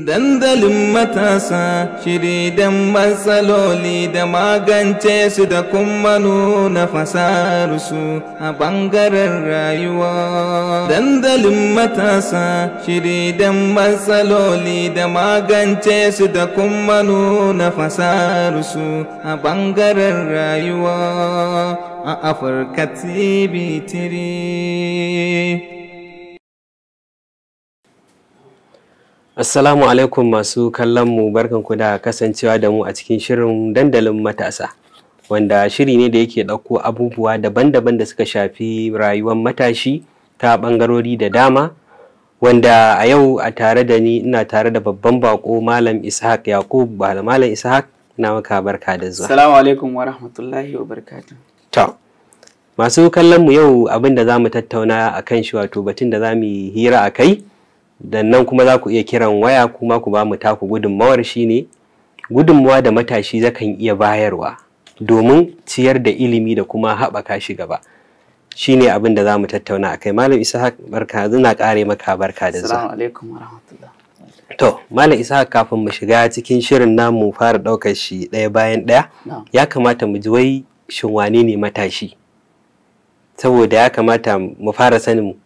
Dandalin matasa shiri dan matsaloli da magance su da kuma nuna su a bangaren rayuwa. Dandalin matasa shiri dan matsaloli da magance su da kuma nuna su a bangaren rayuwa a Afirka TV 3 Assalamu alaikum masu kallon mu barkanku da kasancewa da mu a cikin shirin dandalin matasa wanda shiri ne da yake ɗauko abubuwa daban-daban da suka shafi rayuwar matashi ta ɓangarori da dama wanda a yau a tare da ni ina tare da babban bako malam ishaq yakub malam ishaq na maka barka da zuwa assalamu alaikum wa rahmatullahi wa to masu kallon mu yau abin da zamu tattauna akan shi wato batun da zamu hira a akai Dannan nan kuma za ku iya kiran waya kuma ku ba mu taku gudunmawar shine gudunmawa da matashi zakan iya bayarwa domin ciyar da ilimi da kuma haɓaka shi gaba Shi ne abin da za mu tattauna a kai malam isa barka zina ƙare maka barka da zuwa to malam isa kafin mu shiga cikin shirin namu fara ɗaukar shi ɗaya bayan ɗaya ya kamata mu ji wai shin wane ne matashi saboda ya kamata mu fara sanin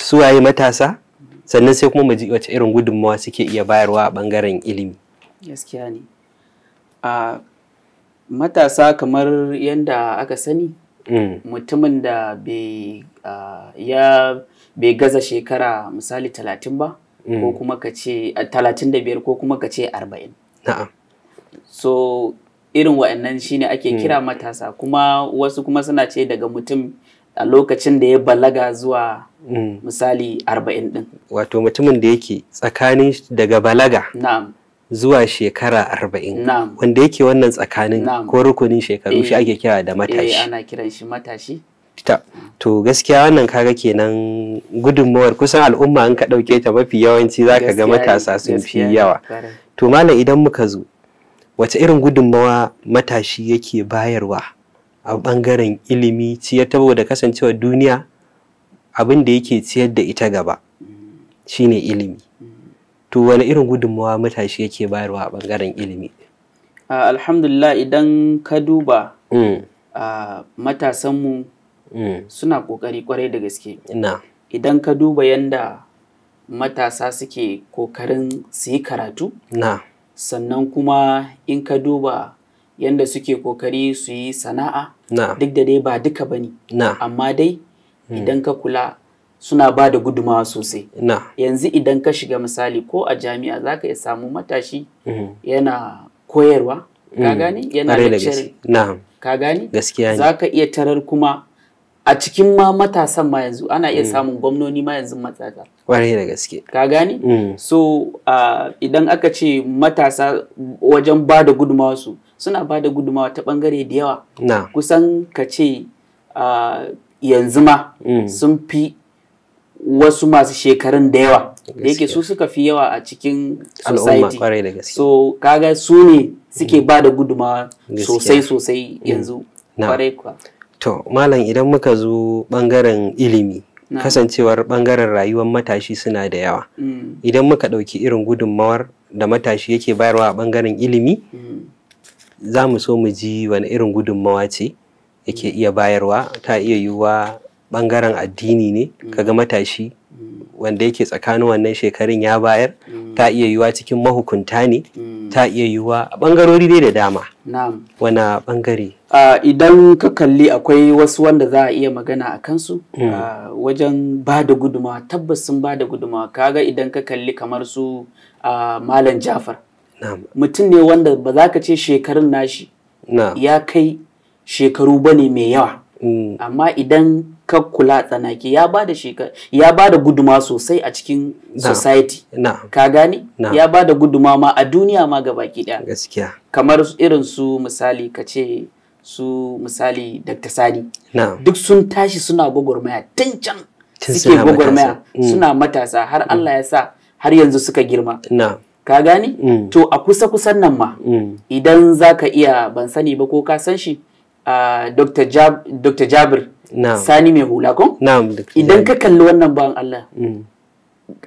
suwaye matasa sannan sai kuma mu ji wace irin gudunmawa suke iya bayarwa a bangaren ilimi gaskiya ne a matasa kamar yadda aka sani mm. mutumin da bai bai gaza shekara misali talatin ba ko mm. kuma ka ce talatin da biyar ko kuma ka ce arba'in so irin wa'annan shine ake mm. kira matasa kuma wasu kuma suna ce daga mutum a lokacin da ya balaga zuwa mm. misali arba'in din. Wato mutumin da yake tsakanin daga balaga zuwa shekara arba'in wanda yake wannan tsakanin ko rukunin shekaru shi eh. ake kira da matashi. Eh, ana kiran shi matashi. to gaskiya wannan kaga kenan gudunmawar kusan al'umma in ka ɗauke ta mafi yawanci za ka ga matasa sun fi yawa. To malam idan muka zo, wace irin gudunmawa matashi yake bayarwa a ɓangaren ilimi ciyar ta da kasancewa duniya abin da yake ciyar da ita gaba shine ilimi to wani irin gudunmawa matashi yake bayarwa a ɓangaren ilimi alhamdulillah idan ka duba mm. matasanmu mm. suna ƙoƙari kwarai da gaske idan ka duba yadda matasa suke kokarin su yi karatu sannan kuma in ka duba yadda suke kokari su yi sana'a duk da dai ba duka ba ne amma dai hmm. idan ka kula suna ba da gudumawa sosai yanzu idan ka shiga misali ko a jami'a za ka iya samu matashi hmm. yana koyarwa ka hmm. gani yana lecturing ka gani za ka iya tarar kuma a cikin ma matasan ma yanzu ana iya mm. samun gwamnoni ma yanzu matasa kwarai da gaske ka gani mm. so idan aka ce matasa wajen ba da gudumawa su suna ba da gudumawa ta bangare da yawa kusan ka ce yanzu ma mm. sun fi wasu masu shekarun da yawa da yake su suka fi yawa a cikin society so kaga su ne suke ba da gudumawa sosai sosai yanzu kwarai kuwa To, Malam idan muka zo ɓangaren ilimi, kasancewar ɓangaren rayuwar matashi suna da yawa. Mm. Idan muka ɗauki irin gudunmawar da matashi yake bayarwa a ɓangaren ilimi, mm. za mu so mu ji wani irin gudunmawa ce yake mm. iya bayarwa, ta iya yiwuwa ɓangaren addini ne, kaga matashi wanda yake tsakanin wannan shekarun ya bayar ta mm. iya yiwa cikin mahukunta ne mm. ta iya yiwa a bangarori dai da dama wana bangare idan ka kalli akwai wasu wanda za a iya magana a kansu mm. wajen ba da guduma tabbas sun ba da guduma kaga idan ka kalli kamar su malam jafar mutum ne wanda ba za ka ce shekarun nashi ya kai shekaru bane mai yawa Mm. amma idan ka kula tsanaki ya bada da ya ba guduma sosai a cikin society ka gani ya ba guduma ma a duniya ma ga daya gaskiya kamar irin su misali ka ce su misali Dr. Sani duk sun tashi suna gwagwarmaya tun can suke gwagwarmaya mm. suna matasa har mm. Allah ya sa har yanzu suka girma ka gani to a kusa kusan nan ma idan zaka iya ban sani ba ko ka san shi Ah, Dr. Jabir Sani mai hula ko? Idan ka kalli wannan bawan Allah mm.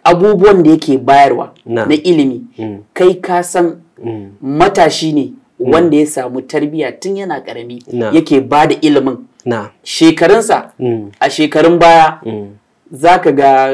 abubuwan da yake bayarwa na ilimi mm. kai ka san mm. matashi ne wanda ya samu tarbiyya tun yana karami yake ba da ilimin shekarunsa a shekarun baya za ka ga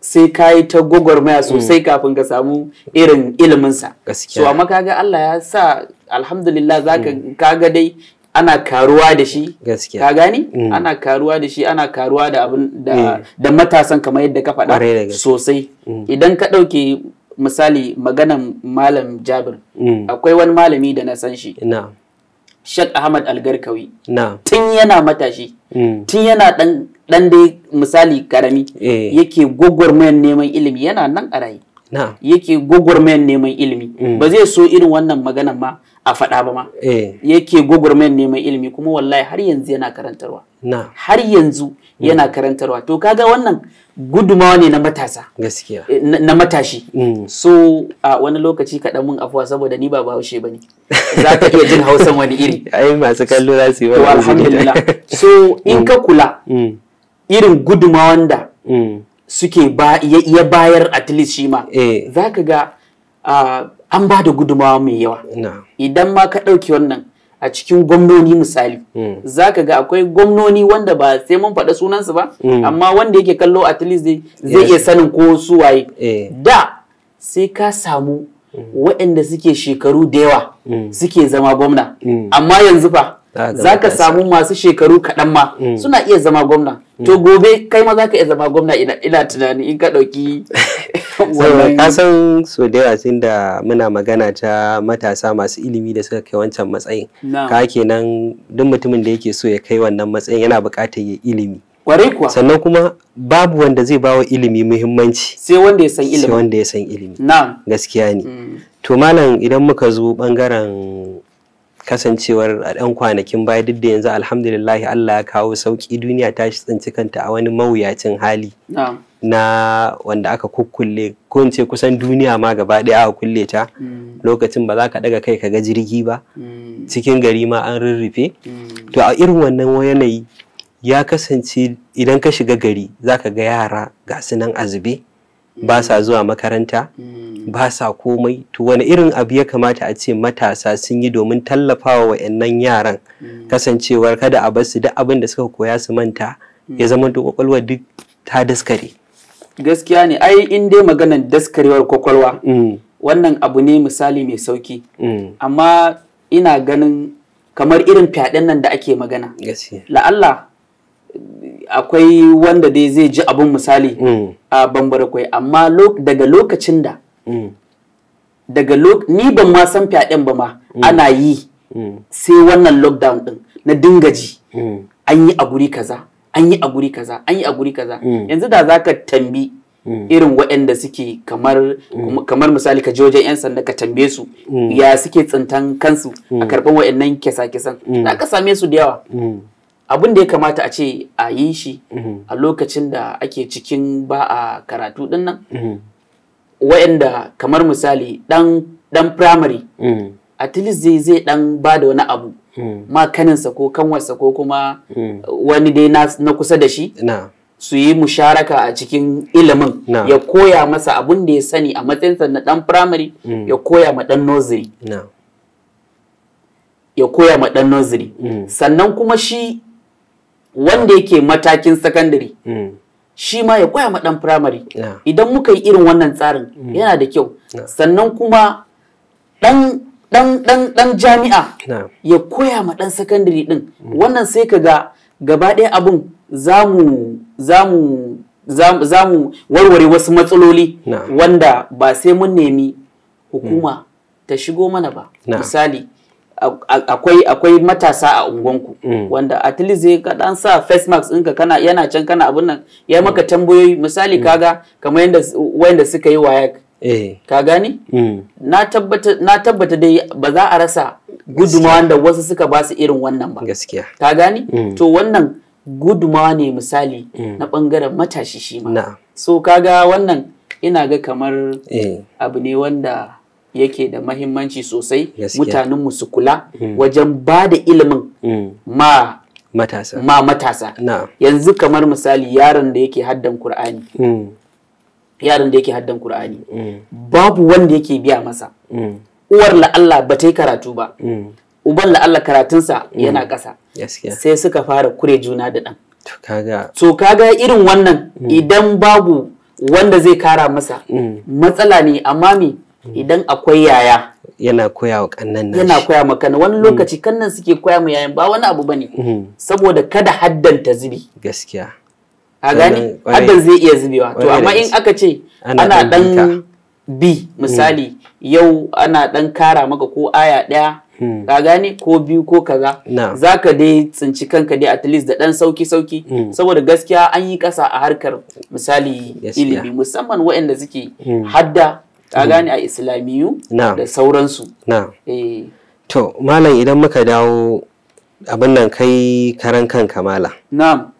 sai ka yi ta gwagwarmaya sosai kafin ka samu irin iliminsa. So amma kaga Allah ya sa alhamdulillah za ka ga dai ana karuwa da shi gaskiya ka gani mm. ana karuwa da shi ana karuwa da abin da, mm. da matasan kamar yadda ka faɗa sosai mm. idan ka ɗauke misali maganan malam jabir akwai wani malami da na san shi nah. Sheikh Ahmad Algarkawi. Nah. Tun yana matashi, tun yana dan dan dai misali karami eh. yake gwagwarmayar neman ilimi yana nan a raye. Nah. Yake gwagwarmayar neman ilimi. Ba zai so irin wannan maganan ma a faɗa ba ma eh. yake gwagwarmayar neman ilimi kuma wallahi har yanzu yana karantarwa har yanzu yana karantarwa to kaga wannan gudumawa ne na matasa gaskiya eh, na matashi mm. so a wani lokaci kaɗan mun afuwa saboda ni ba bahaushe ba ne za ka iya jin hausan wani iri ai masu kallo za su yi wani alhamdulillah so in ka mm. kula mm. irin gudumawan da suke ya bayar at least shi ma eh. za ka ga an ba da gudumawa mai yawa idan ma ka ɗauki wannan a cikin gwamnoni misali hmm. za ka ga akwai gwamnoni wanda ba sai mun faɗa sunansu ba hmm. amma wanda yake kallo at least zai iya sanin ko su waye eh. da sai ka samu hmm. waɗanda suke shekaru da yawa suke zama gwamna amma yanzu fa za ka samu masu shekaru kaɗan ma mm. suna iya zama gwamna mm. to gobe kai ma zaka ka iya zama gwamna ina tunani in ka ɗauki ka san so da yawa tun da muna magana ta matasa masu ilimi da suka kai wancan matsayin ka kenan duk mutumin da yake so ya kai wannan matsayin yana buƙatar ya ilimi kware kuwa sannan kuma babu wanda zai bawa ilimi muhimmanci sai wanda ya san ilimi sai wanda ya san ilimi na'am gaskiya ne mm. to malam idan muka zo bangaren kasancewar a ɗan kwanakin baya duk da yanzu alhamdulillahi Allah ya kawo sauƙi duniya ta shi tsinci kanta a wani mawuyacin hali na wanda aka kukkulle ko in ce kusan duniya ma gaba ɗaya a kulle ta mm. lokacin ba za ka ɗaga kai ka ga jirgi ba mm. cikin gari ma an rurrufe mm. to a irin wannan yanayi ya kasance idan ka shiga gari za ka ga yara ga su nan azube ba sa zuwa makaranta mm. ba sa komai to wani irin abu ya kamata a ce matasa sun yi domin tallafawa wa'annan yaran mm. kasancewar kada a basu duk abin da suka koya su manta ya mm. zama da kwakwalwa duk ta daskare gaskiya ne ai in dai maganar daskarewar kwakwalwa wannan abu ne misali mai sauki amma ina ganin kamar irin fyaɗen nan da ake magana la'alla akwai wanda dai zai ji abin misali mm. a bambara kwai amma daga lokacin da mm. daga ni ban ma san fyaɗen ba ma mm. ana yi sai wannan lockdown din na dinga ji an yi a guri kaza an yi a guri kaza an yi a guri kaza yanzu da za ka tambi irin waɗanda suke kamar kamar misali ka jojen wajen yan sanda ka tambaye su ya suke tsintan kansu a karɓar waɗannan kisa-kisan za ka same su da yawa abin da ya kamata a ce a yi shi mhm. a lokacin da ake cikin ba a karatu din nan mhm. wa'anda kamar misali ɗan firamare. primary mhm. at zai zai dan ba da wani abu ma kaninsa ko kanwarsa ko kuma wani dai na kusa da shi su yi musharaka a cikin ilimin ya koya masa abin da ya sani a matsayinsa na dan primary ya koya ma dan nursery ya koya ma dan nursery sannan kuma shi wanda yake matakin sakandare hmm. shi ma ya koya ma dan firamare idan muka yi irin wannan tsarin hmm. yana da kyau sannan kuma dan dan dan jami'a ya koya ma dan sakandare din hmm. wannan sai ka ga gaba ɗaya abin zamu zamu zamu warware wasu matsaloli wanda ba sai mun nemi hukuma ta shigo mana ba misali akwai akwai matasa a unguwanku mm. wanda at least zai ka dan sa face mask ka kana yana can kana abun nan ya mm. maka tambayoyi misali mm. kaga kamar yanda wanda suka yi waya. Eh. ka gani na tabbata na tabbata dai ba za a rasa gudumawa da wasu suka ba su irin wannan ba gaskiya ka gani to wannan gudumawa ne misali na bangaren matashi shi ma so kaga wannan ina ga kamar eh. abu ne wanda yake da mahimmanci sosai mutanenmu su kula hmm. wajen ba da ilimin hmm. ma matasa ma yanzu kamar misali yaron da yake haddan Kur'ani hmm. yaron da yake haddan Kur'ani babu wanda yake biya masa uwar la Allah ba ta yi karatu ba uban la Allah karatunsa yana ƙasa sai suka fara kure juna da ɗan kaga kaga irin wannan idan babu wanda zai kara masa matsala ne amma me idan akwai yaya yana koya wa kannan nashi yana koya maka kannan wani mm. lokaci kannan suke koya mu yayan ba wani abu bane mm. saboda kada haddan ta zubi gaskiya a gani haddan zai iya zubewa to amma in aka ce ana dan bi mm. misali yau ana dan kara maka ko aya daya ka gane ko biyu ko kaza za ka dai tsinci kanka dai at least da dan sauki sauki saboda gaskiya an yi kasa a harkar misali ilimi musamman waɗanda suke hadda ka mm. gane a islamiyu da sauransu eh. to malam idan muka dawo abin nan kai karan kan Kamala. Na.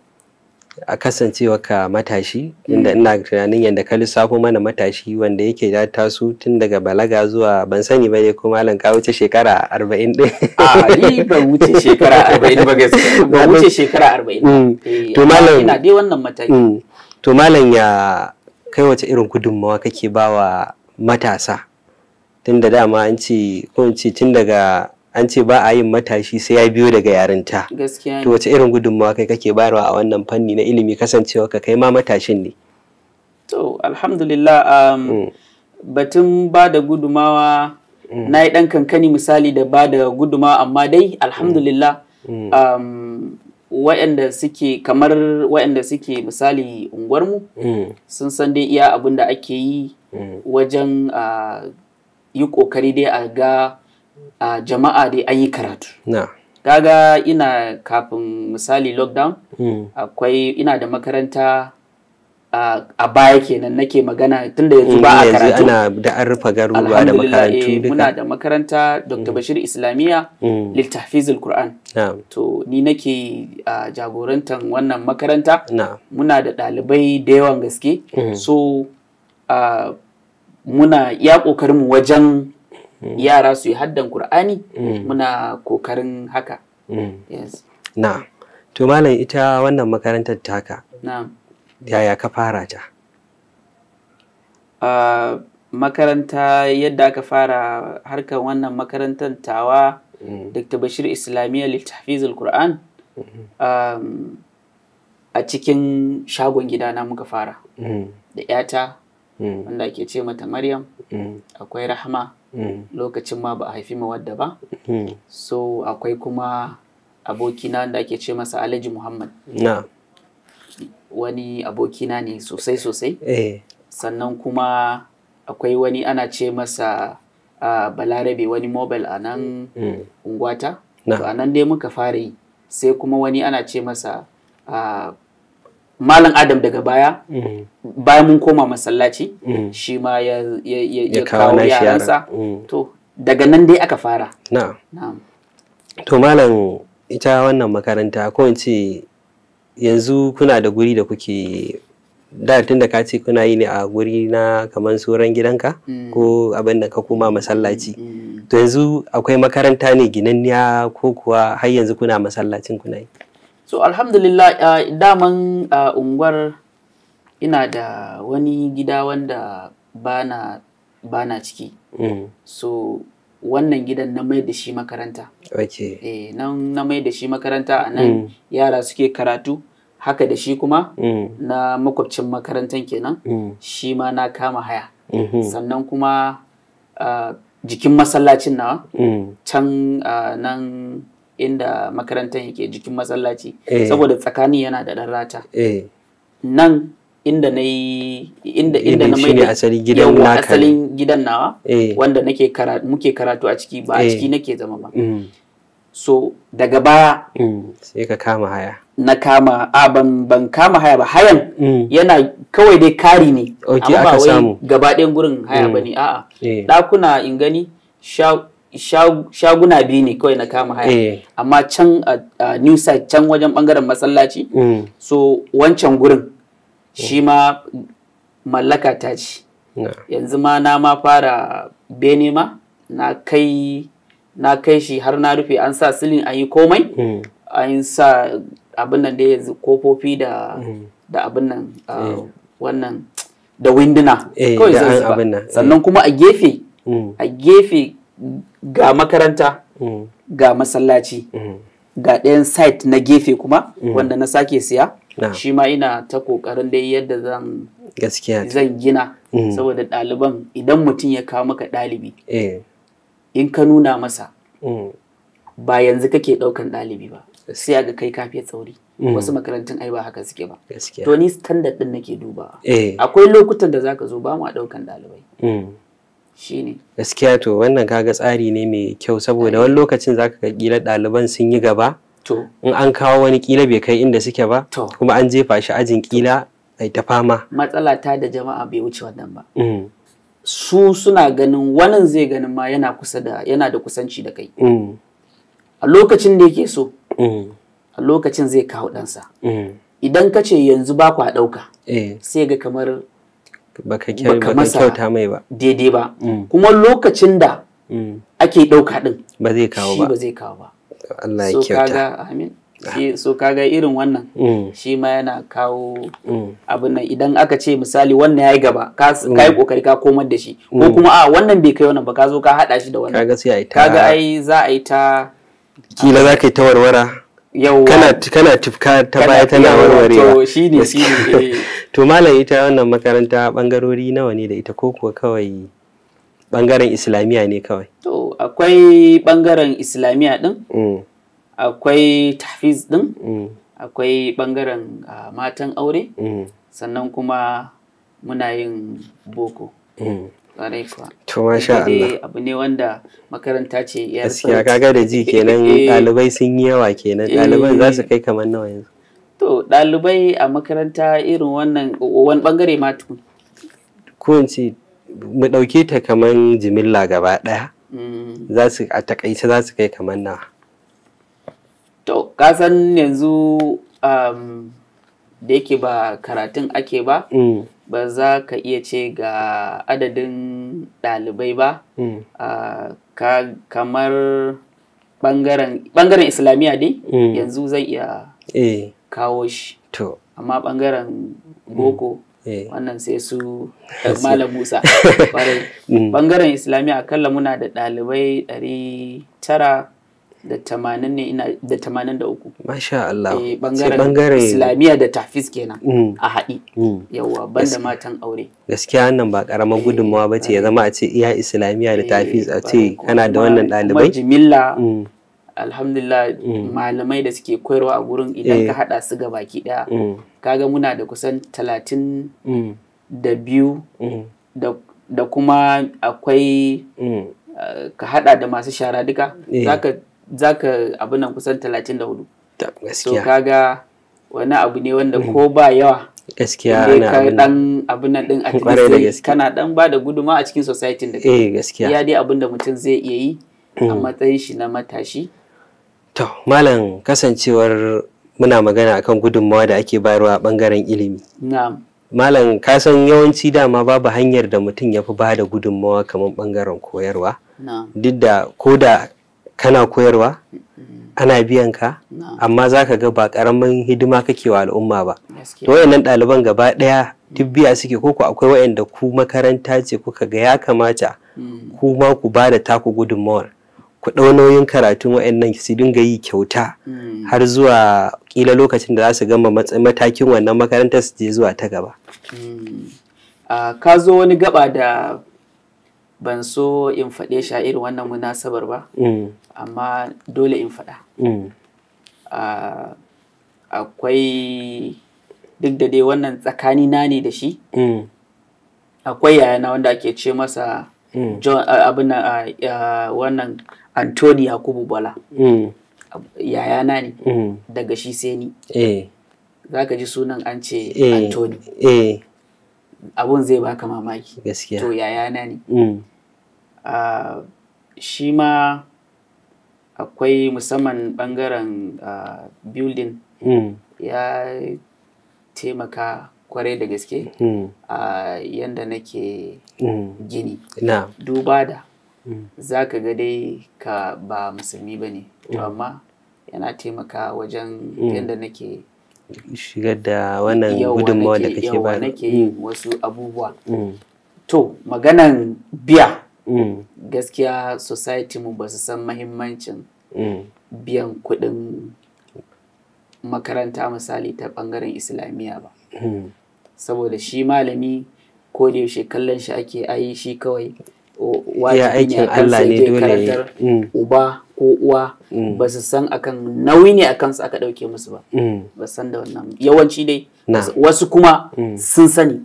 a kasancewa ka matashi mm. inda ina tunanin yadda ka lissafo mana matashi wanda yake da taso tun daga balaga zuwa ban sani ba ne ko malam ka wuce shekara arba'in ɗin a ni ban wuce shekara arba'in ba gaskiya ban wuce shekara arba'in. Mm. Eh, to malam ina dai wannan mataki. to malam ya kai wace irin gudunmawa kake bawa matasa tun da dama an ce ko ce tun daga an ce ba a yin matashi sai ya biyo daga yarinta to wace irin gudunmawa kai kake bayarwa a wannan fanni na ilimi kasancewa ka kai ma matashin ne to alhamdulillah um, mm. batun ba da gudumawa mm. na yi ɗan kankani misali da ba da gudumawa amma dai mm. alhamdulillah mm. um, waɗanda suke kamar wa'anda suke misali unguwarmu mm. sun san dai iya abin da ake yi wajen yi kokari dai a ga jama'a dai an yi karatu kaga ina kafin misali lockdown hmm. akwai ina da makaranta a baya kenan nake magana tunda yanzu hmm, ba a karatu ana da an garuruwa da eh, makarantu muna da makaranta Dr. Hmm. Bashir Islamiyya lil Qur'an to ni nake jagorantar wannan makaranta muna da ɗalibai da yawan gaske so muna ya mu wajen mm. yara su yi haddan Kur'ani mm. muna ƙoƙarin haka. Mm. Na, to malam ita wannan makarantar taka. Yaya ka fara ta? makaranta yadda aka fara harkar wannan makarantar tawa Dr. Bashir Islamiyya Littafizul Qur'an mm-hmm. a cikin shagon gida na muka fara da 'yata Mm. wanda ake ce mata maryam mm. akwai rahama mm. lokacin ma ba a haifi ma wadda ba so akwai kuma abokina wanda ake ce masa alhaji muhammad wani abokina ne sosai sosai eh. sannan kuma akwai wani ana ce masa balarabe wani mobile a nan unguwata to a nan dai muka fara yi sai kuma wani ana ce masa malam adam daga baya mm. bayan mun koma masallaci mm. shi ma ya kawo yaransa mm. to daga nan dai aka fara na'am to malam ita wannan makaranta ko in ce yanzu kuna da guri da kuke da tun da ka ce kuna yi ne a guri na kamar sauran gidanka ko abin da ka koma masallaci to yanzu akwai makaranta ne ginanniya ko kuwa har yanzu kuna masallacin kuna yi so alhamdulillah uh, daman uh, unguwar ina da wani gida wanda bana bana ciki mm. so wannan gidan na mai da shi makaranta okay. eh, nan na mai da shi makaranta a nan mm. yara suke karatu haka da shi kuma mm. na makwabcin makarantan kenan mm. shi ma na kama haya -hmm. sannan kuma uh, jikin masallacin nawa mm. can uh, nan inda makarantar yake jikin masallaci eh. saboda tsakani yana da ɗan rata eh. nan inda na yi inda inda na mai asalin gidan asalin gidan nawa eh. wanda nake karatu muke karatu a ciki ba a ciki nake zama ba mm. so daga baya mm. sai ka kama haya na kama a ban ban kama haya ba hayan mm. yana kawai dai kari ne amma ba wai gaba ɗayan gurin haya bane a'a ɗakuna in gani sha shaguna biyu ne kawai na kama haya eh. amma can a new site can wajen bangaren masallaci mm. so wancan gurin mm. shi ma mallaka ta ce yanzu ma na ma fara bene ma na kai shi har na rufe an sa silin an yi komai mm. an yi sa abin nan da yanzu kofofi da da abin nan eh. wannan da winduna eh, kawai zai sannan kuma a gefe a gefe ga makaranta mm. ga masallaci mm. ga ɗayan site na gefe kuma mm. wanda na sake siya shi ma ina ta kokarin da yadda zan zan gina saboda ɗaliban idan mutum ya kawo maka ɗalibi eh. in ka nuna masa ba yanzu kake ɗaukan ɗalibi ba sai ga kai kafiya tsauri wasu makarantun ai ba haka suke ba to ni standard din nake dubawa eh. akwai lokutan da zaka zo ba mu ɗaukan ɗalibai shine gaskiya to wannan kaga tsari ne mai kyau saboda wani lokacin zaka ga kila ɗaliban sun yi gaba to in an kawo wani kila bai kai inda suke ba kuma an jefa shi ajin kila ai ta fama matsala ta da jama'a bai wuce wannan ba mm. su suna ganin wani zai ganin ma yana kusa da yana da kusanci da kai mm. a lokacin da yake so mm. a lokacin zai kawo ɗansa idan ka ce yanzu ba a ɗauka eh. sai ga kamar baka kyauta mai ba daidai ba mm. kuma lokacin da mm. ake ɗauka ɗin ba zai kawo ba shi ba zai kawo ba Allah ya kyauta amin so kaga irin wannan mm. shi ma yana kawo abin nan idan aka ce misali wannan ya yi gaba ka yi kokari ka komar da shi ko kuma a wannan bai kai wannan ba ka zo ka hada shi da wannan kaga sai ai ta kaga ai za a yi ta kila za ka yi ta warwara kana kana tifka ta baya tana warwarewa to shine shine to malam ita wannan makaranta bangarori nawa ne da ita ko kuwa kawai bangaren islamiyya ne kawai to akwai bangaren islamiya din mm. akwai tahfiz din mm. akwai bangaren matan aure mm. sannan kuma muna yin boko Ƙwarai To masha Allah. Abu ne wanda makaranta ce ya Gaskiya kaga da ji kenan ɗalibai sun yi yawa kenan ɗaliban za su eh. kai kamar nawa yanzu. To ɗalibai a makaranta irin wannan wani bangare ma tukun. Ko mu ɗauke ta kamar jimilla gaba ɗaya. Mm. Za su a takaice za su kai kamar nawa. To san yanzu da yake ba karatun ake ba. Mm. ba za ka iya ce ga adadin ɗalibai ba hmm. kamar ɓangaren islamiyya dai hmm. yanzu zai iya eh. kawo shi amma ɓangaren boko hmm. eh. wannan sai su malam musa ɓangaren islamiyya akalla muna da ɗalibai ɗari da tamanin ne ina da tamanin da uku. Masha Allah. Eh bangaren Islamiyya da tafis kenan mm. a haɗi. Mm. Yawwa ban da matan aure. Gaskiya wannan ba ƙarama eh, gudunmawa ba ce ya eh. zama a ce iya Islamiyya da eh, tafis a ce kana da wannan ɗalibai. Kuma jimilla mm. alhamdulillah malamai da suke koyarwa a gurin idan ka haɗa su ga baki ɗaya. Kaga muna da kusan talatin da biyu da kuma akwai ka haɗa da masu shara duka ka za ka abu nan kusan 34 gaskiya kaga wani abu ne wanda mm. ko ba yawa gaskiya ana ka dan abin nan din activist kana dan ba da guduma a cikin society da eh gaskiya ya dai abin da mutum zai iya yi a mm. matsayin shi na matashi to malam kasancewar muna magana akan gudunmawa da ake bayarwa a bangaren ilimi na'am malam ka san yawanci dama babu hanyar da mutum ya fi ba da gudunmawa kamar bangaren koyarwa duk da ko da kana koyarwa ana biyan ka amma za ka ga ba karamin hidima kake wa al'umma ba to wayannan ɗaliban gaba ɗaya duk mm. biya suke ko ku akwai wayanda ku makaranta ce kuka ga ya kamata mm. ku ma ku ba da taku gudunmawar ku ɗau nauyin karatun wayannan su dinga yi kyauta mm. har zuwa kila lokacin da za su gama matakin wannan makarantar su je zuwa ta gaba ah, ka zo wani gaba da ban so in faɗe shi a irin wannan munasabar ba mm. amma dole in faɗa mm. akwai duk da dai wannan tsakani na ne da shi mm. akwai yayana wanda ake ce masa abin wannan antoni yakubu bola yayana ne daga shi sai ni eh. za ka ji sunan an ce eh. antoni eh. abun zai baka mamaki gaskiya to yayana ne mm. ah, shi ma akwai musamman bangaren ah, building mm. ya taimaka kwarai da gaske mm. a ah, yadda nake gini duba da za ka ga dai ka ba musulmi ba ne amma yana taimaka wajen yadda nake shigar da wannan gudunmawa da kake ba nake yin mm. wasu abubuwa mm. to maganan biya mm. gaskiya society mu ba su san mahimmancin biyan kuɗin makaranta misali ta ɓangaren islamiyya ba saboda shi malami ko da yaushe kallon shi ake ayi shi kawai wajibi aikin Allah ne dole uba ko uwa mm. ba su san akan nauyi ne akan su aka ɗauke musu ba mm. ba san da wannan yawanci dai wasu kuma mm. sun sani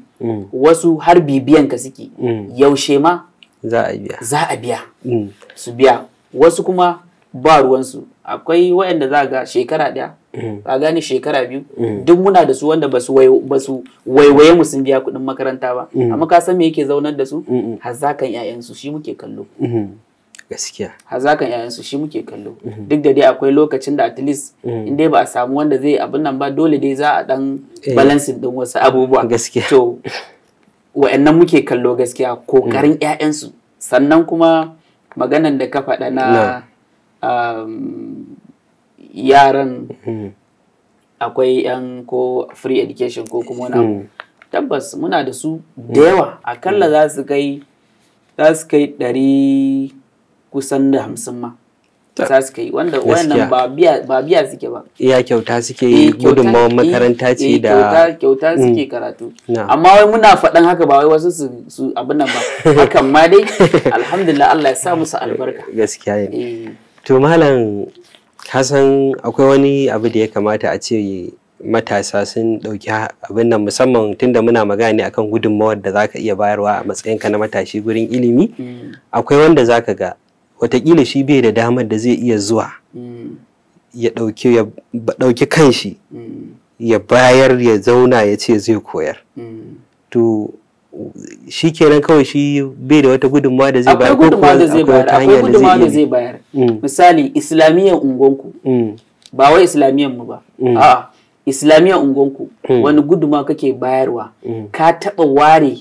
wasu har bibiyan ka suke yaushe ma za a biya za a biya su biya wasu kuma ba ruwansu akwai waɗanda za ga shekara ɗaya ka gane shekara biyu duk muna da su wanda ba su waiwaye mu sun biya kuɗin makaranta ba amma ka san me yake zaunar da su hazzakan 'ya'yansu shi muke kallo mm-hmm. gaskiya hazakan yayansu shi muke kallo mhm. duk da dai akwai lokacin da at least mhm. in dai ba a samu wanda zai abin nan ba dole dai za a dan eh. balancing din wasu abubuwa gaskiya to wa'annan muke kallo gaskiya kokarin mm. ƴaƴansu sannan kuma maganan da ka faɗa na um, yaran mm. akwai yan ko free education ko kuma wani mm. tabbas muna da su da yawa akalla za su kai za su kai ɗari kusan da hamsin ma za su kai wanda wannan ba biya suke ba iya kyauta suke yi eh, gudunmawar eh, makaranta ce eh, da kyauta mm. suke karatu amma wai muna faɗan haka ba wai wasu su abin nan ba hakan ma dai alhamdulillah Allah ya sa musu albarka gaskiya ne to malam kasan akwai wani abu da ya kamata a ce matasa sun ɗauki abin nan musamman tunda muna magana ne akan gudunmawar da zaka iya bayarwa a matsayinka na matashi gurin ilimi mm. akwai wanda zaka ga Wataƙila shi bai da damar da zai iya zuwa ya ɗauki kanshi ya bayar ya zauna ya ce zai koyar to shi kenan kawai shi bai da wata gudunmawa da zai bayar ko kuma da zai bayar akwai gudunmawa da zai bayar mm. misali islamiyyar ungonku mm. ba wai islamiyyar mu ba mm. a islamiyyar ungonku wani gudunmawa kake bayarwa ka taba ware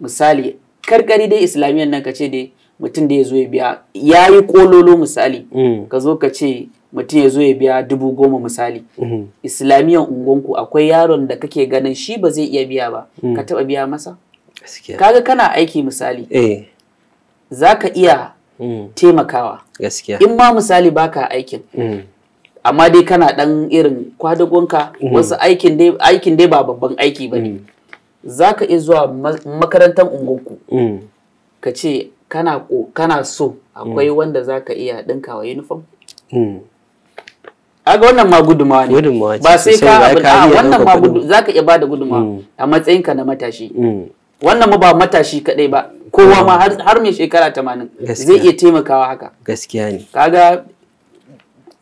misali karkari dai islamiyyar nan ka ce dai mutum da ya zo ya biya ya yi kololo misali mm. ka zo ka ce mutum ya zo ya biya dubu goma misali mm-hmm. islamiyan ungonku akwai yaron da kake ganin shi ba zai iya biya ba mm. ka taba biya masa kaga kana aiki misali eh. za ka iya mm. taimakawa in ma misali baka aikin amma dai kana dan irin kwadagonka mm-hmm. wasu aikin dai ba babban aiki ba ne za ka iya zuwa makarantar ungonku ka ce kana kana so akwai mm. wanda zaka iya dinka wa uniform mm. aga wannan ma gudumawa ne ba sai ka abin wannan ma zaka iya bada gudumawa mm. a matsayinka na matashi wannan ma ba matashi kadai ba kowa ma har mai shekara 80 zai iya taimakawa haka gaskiya ne kaga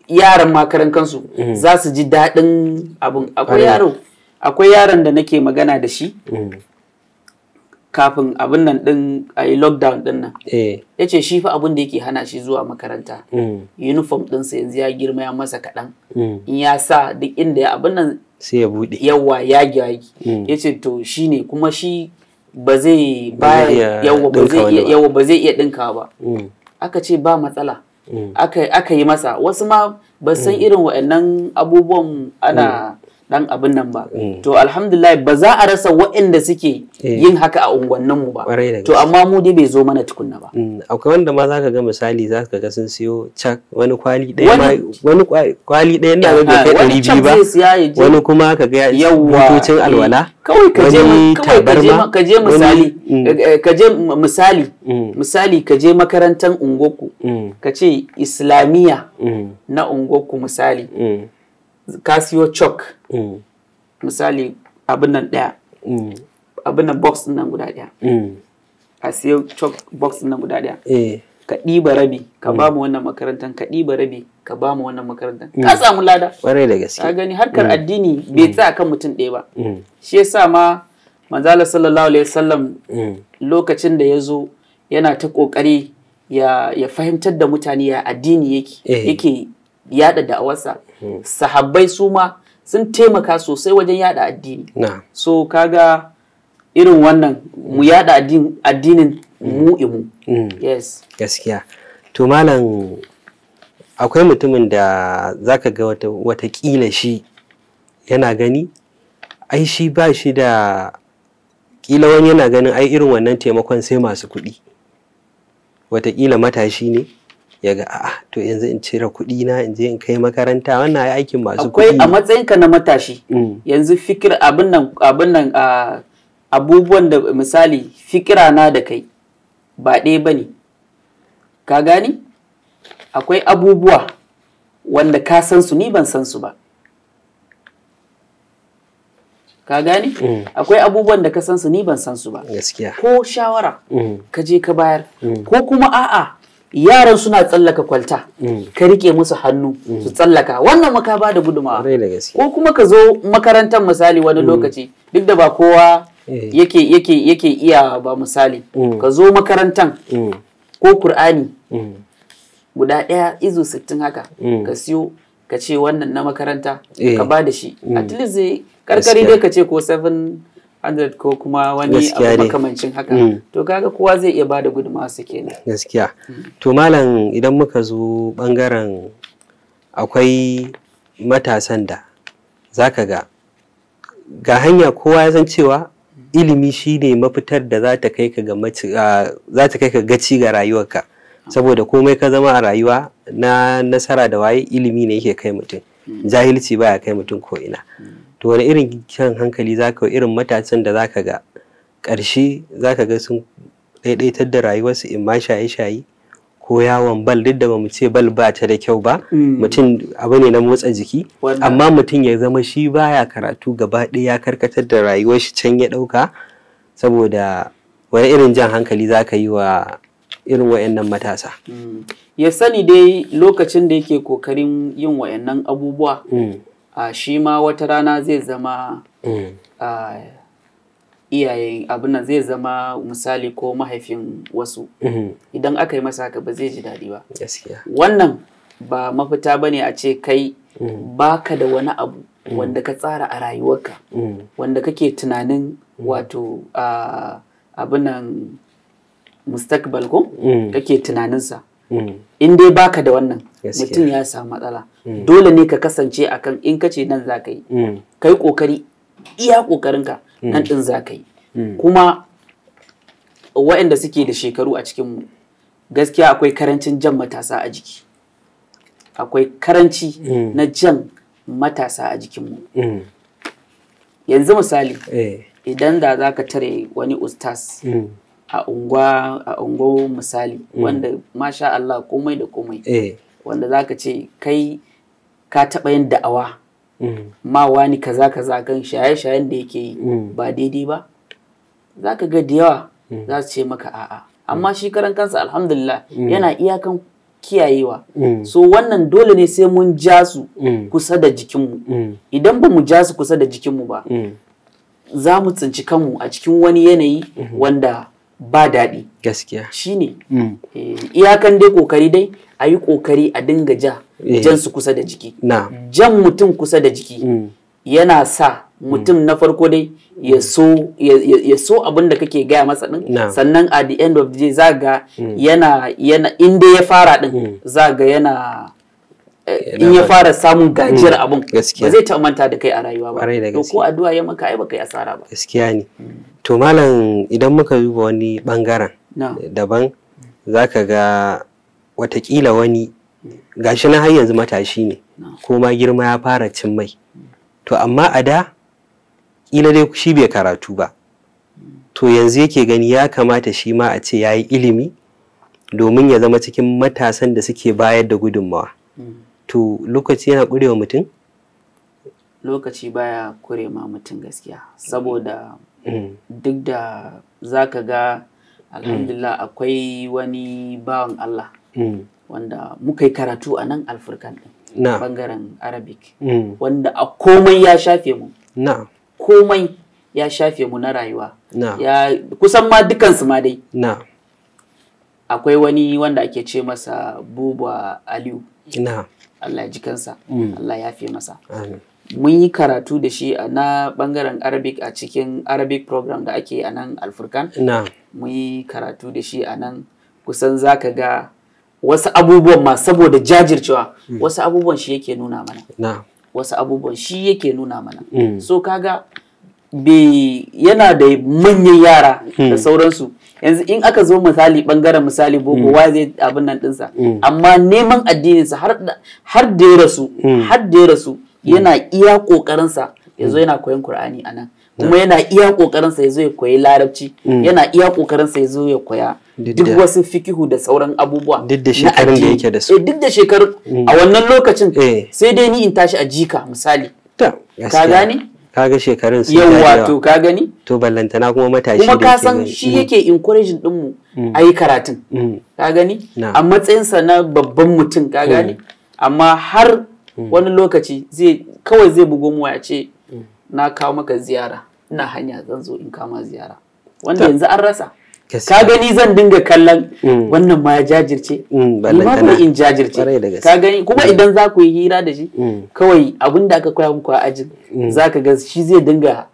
yaran makaran kansu za su ji daɗin abun akwai yaro akwai yaron da nake magana da shi kafin abin nan din a yi lockdown din nan eh. ya ce shi fa abin da yake hana shi zuwa makaranta mm. uniform ɗinsa yanzu ya girma ya masa kaɗan mm. in ya sa duk inda ya abin nan sai ya buɗe yawa ya gyaki mm. ya ce to shi ne kuma shi ba zai yawa ba zai iya ɗinka ba aka ce ba matsala aka yi masa wasu ma ba san irin wa'annan abubuwan ana dan abin nan ba mm. to alhamdulillah ba za a rasa waɗanda suke eh. yin haka a unguwannin mu ba to amma mu dai bai zo mana tukunna ba mm. akwai wanda ma zaka ga misali zaka ga sun siyo chak wani kwali ɗaya wani kwali ɗaya ina ga bai kai 200 ba wani kuma ka ga motocin alwala eh. kawai ka je kawai ka je misali ka je misali mm. eh, misali ka je makarantar ungoku ka ce islamiya na ungoku misali ka siyo chalk mm. misali abin nan ɗaya mm. abin nan box nan guda ɗaya mm. a siyo chalk box nan guda ɗaya eh. ka ɗiba rabi ka ba mu wannan makarantar ka ɗiba rabi ka ba mu wannan makarantar ka samu lada ƙwarai da gaske ka gani harkar addini bai tsaya kan mutum ɗaya ba shi yasa ma manzala sallallahu alaihi wasallam lokacin da ya zo yana ta ƙoƙari ya fahimtar da mutane ya addini yake eh. yake yada da'awarsa Hmm. sahabbai su ma sun taimaka sosai wajen yada addini so kaga irin wannan mu yada addinin hmm. mu imu hmm. yes gaskiya to malam akwai mutumin da zaka ga watakila shi yana gani ai shi ba shi da kila wani yana ganin ai irin wannan taimakon sai masu kuɗi watakila matashi ne ya ga a'a to yanzu in cire kuɗi na in je in kai makaranta wannan ai aikin masu kuɗi akwai a matsayin ka na matashi mm. yanzu fikir abin nan abin nan abubuwan da misali fikira na da kai ba ɗaya ba ne ka gani akwai abubuwa wanda ka san su ni ban san su ba ka gani mm. akwai abubuwan da ka san su ni ban san su ba gaskiya ko shawara mm. ka je ka bayar ko kuma a'a yaran suna tsallaka kwalta mm. ka rike musu hannu su mm. tsallaka wannan maka ba da gudumawa ko kuma ka zo makarantar misali wani mm. lokaci duk da ba kowa eh. yake yake yake iya ba misali ka zo makarantar ko Kur'ani guda ɗaya izu sittin haka ka siyo ka ce wannan na makaranta eh. ka ba da shi at least zai karkari dai ka ce ko seven. 100 ko kuma wani abu makamancin haka hmm. to kaga kowa zai iya bada gudunmawa su kenan gaskiya hmm. to malam idan muka zo bangaren akwai matasan da zaka ga ga hanya kowa ya san cewa ilimi shine mafitar da za ta kai ka ga za ta kai ka gaci ga rayuwarka saboda komai ka zama a rayuwa na nasara da waye ilimi ne yake kai mutum hmm. jahilci baya kai mutum ko ina to wani irin kyan hankali za ka irin matasan da za ka ga ƙarshe za ka ga sun ɗaiɗaitar da rayuwarsu in ma shaye-shaye ko yawon bal duk da ba mu ce bal ba ta da kyau ba mm. mutum abu ne na motsa jiki amma mutum ya zama shi baya karatu gaba ɗaya ya karkatar da rayuwar shi can ya ɗauka saboda wani irin jan hankali za ka yi wa irin wayannan matasa. Mm. Ya sani dai lokacin da yake kokarin yin wayannan abubuwa mm. A ah, shi ma wata rana zai zama mm. ah, iyaye abin nan zai zama misali ko mahaifin wasu mm-hmm. idan aka yi masa haka ba zai ji daɗi ba wannan ba mafita ba ne a ce kai mm. baka da wani abu mm. wanda ka tsara a rayuwarka wanda kake tunanin wato abunan ah, abin nan mustakbal ko kake tunaninsa Mm. in dai baka da wannan mutum ya samu matsala mm. dole ne ka kasance akan in ka ce nan za ka yi mm. kai kokari iya kokarinka nan din za ka yi kuma waɗanda suke da shekaru a cikinmu gaskiya akwai karancin jan matasa a jiki akwai karanci na jan matasa a jikinmu yanzu misali eh. idan da za ka tare wani ustas a unguwa a misali mm. wanda masha Allah komai da komai eh. wanda zaka ce kai ka taɓa yin da'awa mm. ma wani kaza kaza kan shaye-shayen da yake yi mm. ba daidai ba za ka ga da yawa za su ce maka a'a amma shi karan kansa alhamdulillah yana iyakan kiyayewa so wannan dole ne sai mun ja su kusa da jikinmu idan ba mu ja su kusa da jikinmu ba za mu tsinci kanmu a cikin wani yanayi mm-hmm. wanda ba daɗi gaskiya ne mm. eh, iyakan dai kokari dai a yi kokari a dinga ja eh. jan su kusa da jiki jan mutum kusa da jiki mm. yana sa mutum mm. na farko dai ya so abin da kake gaya masa din sannan at the end of the day zaga yana yana inda ya fara din zaga eh, yana in ya fara samun gajiyar abin ba zai ta manta da kai a rayuwa ba ko addu'a ya maka ai ba kai asara ba gaskiya ne to malam idan muka duba wani bangaren daban za ka ga watakila wani gashi na har yanzu matashi ne ko ma girma ya fara cin mai to amma a da ƙila dai shi bai karatu ba to yanzu yake gani ya kamata shi ma a ce ya yi ilimi domin ya zama cikin matasan da suke bayar da gudunmawa mm. to lokaci yana ƙurewa mutum lokaci baya kure mutum gaskiya saboda duk da za ka ga alhamdulillah akwai wani bawan Allah wanda muka yi karatu a nan alfurkan ɗin bangaren arabic mm. wanda a komai ya shafe mu komai ya shafe mu na rayuwa kusan ma dukansu ma dai akwai wani wanda ake ce masa buba aliyu Allah ya ji kansa mm. Allah ya fi masa mun yi karatu da shi na bangaren arabic a cikin arabic program da ake a nan alfurkan mun yi karatu da shi a nan kusan za ka ga wasu abubuwan ma saboda jajircewa hmm. wasu abubuwan shi yake nuna mana wasu abubuwan shi yake nuna mana hmm. so kaga be yana da manyan yara da hmm. sauransu yanzu in aka zo misali bangaren misali boko wa zai abin nan dinsa amma neman addininsa har da ya rasu har da ya rasu Mm. yana iya ƙoƙarinsa ya zo mm. yana koyon Kur'ani a nan. kuma yana iya ƙoƙarinsa ya zo ya koyi larabci mm. yana iya ƙoƙarinsa ya zo ya koya duk wasu fikihu da sauran abubuwa duk da shekarun da yake da su eh, duk da shekarun a wannan lokacin eh. sai dai ni in tashi a jika misali ka gane kaga shekarun su Yau to ka gani to ballantana kuma matashi kuma ka san shi yake encouraging din mu ayi karatun ka gani a matsayinsa na babban mutum ka gani? amma har Mm. wani lokaci zai kawai zai bugo mu ya ce mm. na kawo maka ziyara ina hanya zan zo in kama ziyara wanda yanzu an rasa ka gani zan dinga kallon mm. wannan ma ya jajirce ma kuma in jajirce ka gani kuma idan za ku yi hira da shi kawai abin da aka koya muku a ajin za ka ga shi zai dinga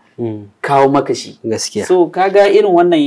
kawo maka shi gaskiya so ga irin wannan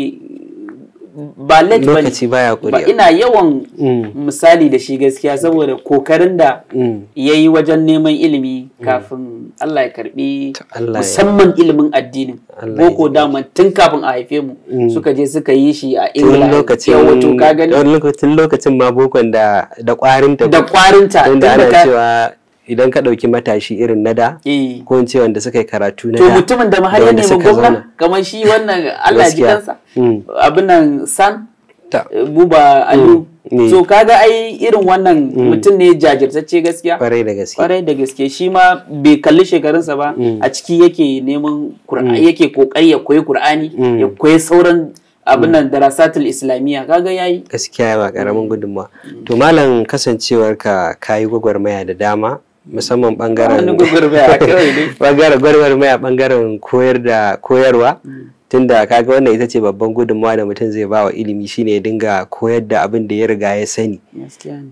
ba late ba ne baya ba ina yawan mm. misali da shi gaskiya saboda kokarin da mm. ya yi wajen neman ilimi mm. kafin Allah ya karbi musamman ilimin addinin boko daman tun kafin a haife mu suka je suka yi shi a ingila yawa to ka gani lokacin lokacin ma bokon da da kwarinta da kwarinta tunda ana cewa idan ka ɗauki matashi irin na da eh. ko in ce wanda suka yi karatu na da to mutumin da mahar ya nemi gwamna kamar shi wannan Allah ji kansa mm. abin nan san eh, buba alu mm. so kaga ai irin wannan mm. mutum ne jajirtacce gaskiya kwarai da gaske kwarai da gaske shi ma bai kalli shekarun sa ba a ciki yake neman yake kokari ya koyi qur'ani ya koyi sauran abin nan darasatul islamiyya kaga yayi gaskiya ba karamin gudunmawa to malam kasancewar ka kayi gwagwarmaya da dama musamman ɓangaren gwagwarmaya bangaren ɓangaren koyarwa mm. tunda kaga wannan ita ce babban gudunmawa da mutum zai ba wa ilimi shine ya dinga koyar da abin da ya riga ya sani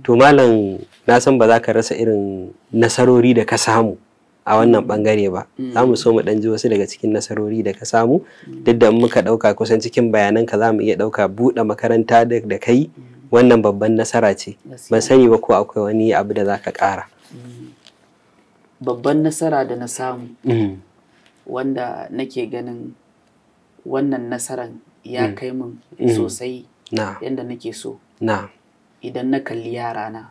to malam na san ba za ka rasa irin nasarori da ka samu a wannan bangare mm. ba mm. za mu so mu dan ji wasu daga cikin nasarori da ka samu duk da muka ɗauka kusan cikin bayanan ka za mu iya ɗauka. buɗe makaranta da kai wannan babban nasara ce ban sani ba ko akwai wani abu da za ka ƙara babban nasara da na samu mm. wanda nake ganin wannan nasaran ya mm. kai mun mm. sosai yadda nake so idan na kalli yarana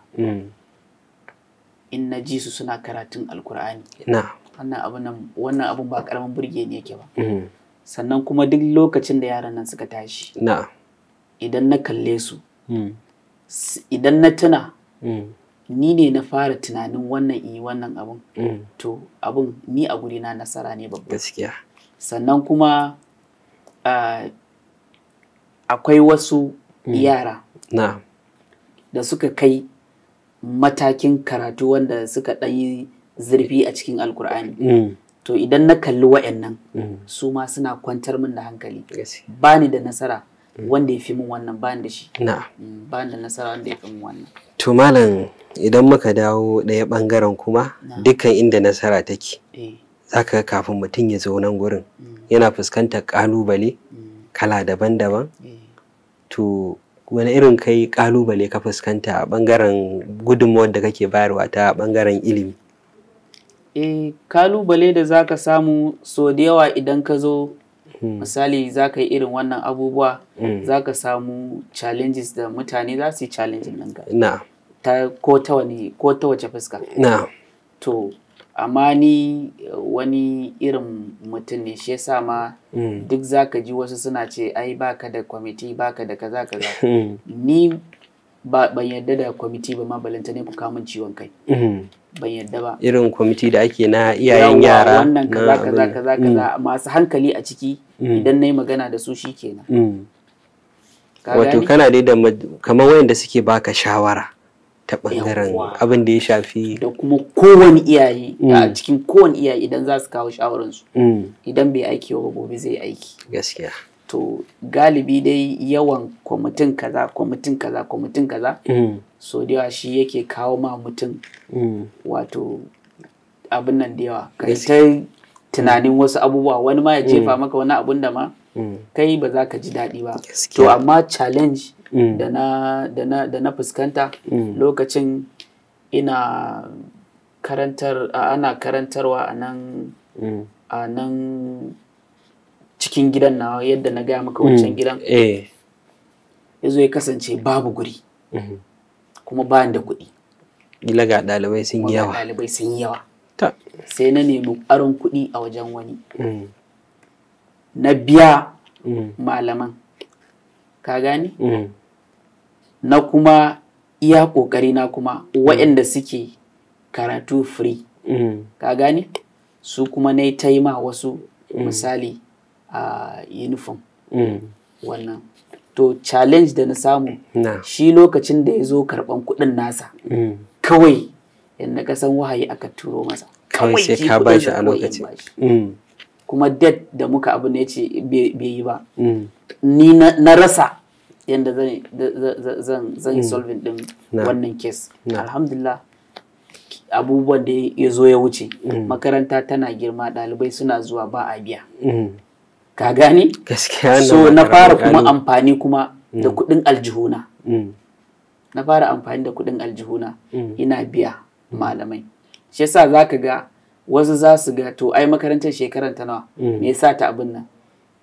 in na ji su suna karatun alkur'ani wannan abun ba karamin burge ne yake ba sannan kuma duk lokacin da yaran nan suka tashi idan na kalle su idan na tuna ni ne na fara tunanin wannan yi eh wannan abun mm. to abun ni a guri na nasara ne babba gaskiya sannan kuma akwai wasu mm. yara da suka kai matakin karatu wanda suka ɗanyi zurfi a cikin alkur'ani mm. to idan na kalli wa'annan su ma suna kwantar min da hankali ba ni da nasara Mm. wanda ya fi min wannan bayan da shi mm, bayan da nasara wanda ya fi min wannan to malam idan muka dawo ɗaya ɓangaren kuma dukkan inda nasara take eh. zaka ga kafin mutum ya zo nan gurin mm. yana fuskantar ƙalubale kala daban-daban eh. to wani irin kai ƙalubale ka fuskanta a ɓangaren gudunmawar da kake bayarwa ta ɓangaren ilimi eh kalubale da za ka samu so da yawa idan ka zo Mm. misali za ka yi irin wannan abubuwa mm. za ka samu challenges da mutane za su yi challenge ɗinka ta ko ta wani wace fuska to amma ni wani irin mutum ne shi yasa ma mm. duk za ka ji wasu suna ce ai baka da kwamiti baka da kaza kaza ni ba ban yarda da kwamiti ba ma balanta ne ku kamun ciwon kai ban yadda ba irin kwamiti da ake na iyayen yara wannan kaza kaza kaza kaza mm. masu hankali a ciki mm. idan na yi magana da su shikenan mm. wato kana dai da kamar wayanda suke baka shawara ta bangaren abin da ya shafi da kuma kowane iyaye a cikin kowane iyaye idan za su kawo shawararsu idan bai aiki ba gobe zai aiki gaskiya to galibi dai yawan kwamitin kaza kwamitin kaza kwamitin kaza mm. so da yawa shi yake kawo ma mutum mm. wato abin nan da yawa kai ta tunanin wasu abubuwa wani ma ya jefa mm. maka wani abun da ma kai ba za ka ji daɗi ba to amma challenge da na fuskanta lokacin ina karantar ana karantarwa a nan cikin gidan na yadda na gaya maka wancan mm. gidan eh. ya zo ya kasance babu guri mm-hmm. kuma ba da kuɗi gila ga ɗalibai sun yi yawa ɗalibai sun yawa sai na nemi ƙarin kuɗi a wajen wani mm. na biya mm. malaman ka gani na kuma iya ƙoƙari na kuma waɗanda suke karatu free ka gani su kuma na yi taima wasu misali a uniform mm. wannan to challenge da na samu shi lokacin da ya zo karban kuɗin nasa mm. kawai yadda na kasan wahayi aka turo masa kawai sai ka ba shi a lokacin mm. kuma det da muka abu ne ce bai yi ba ni na rasa yadda zan zan solving din wannan kes alhamdulillah abubuwan da ya zo ya wuce makaranta tana girma ɗalibai suna zuwa ba a biya ka gane so na fara kuma amfani kuma mm. da kuɗin aljihuna mm. na fara amfani da kudin aljihuna mm. ina biya malamai shi yasa zaka ga wasu za su ga to ai makarantar shekaran ta nawa me yasa ta abin nan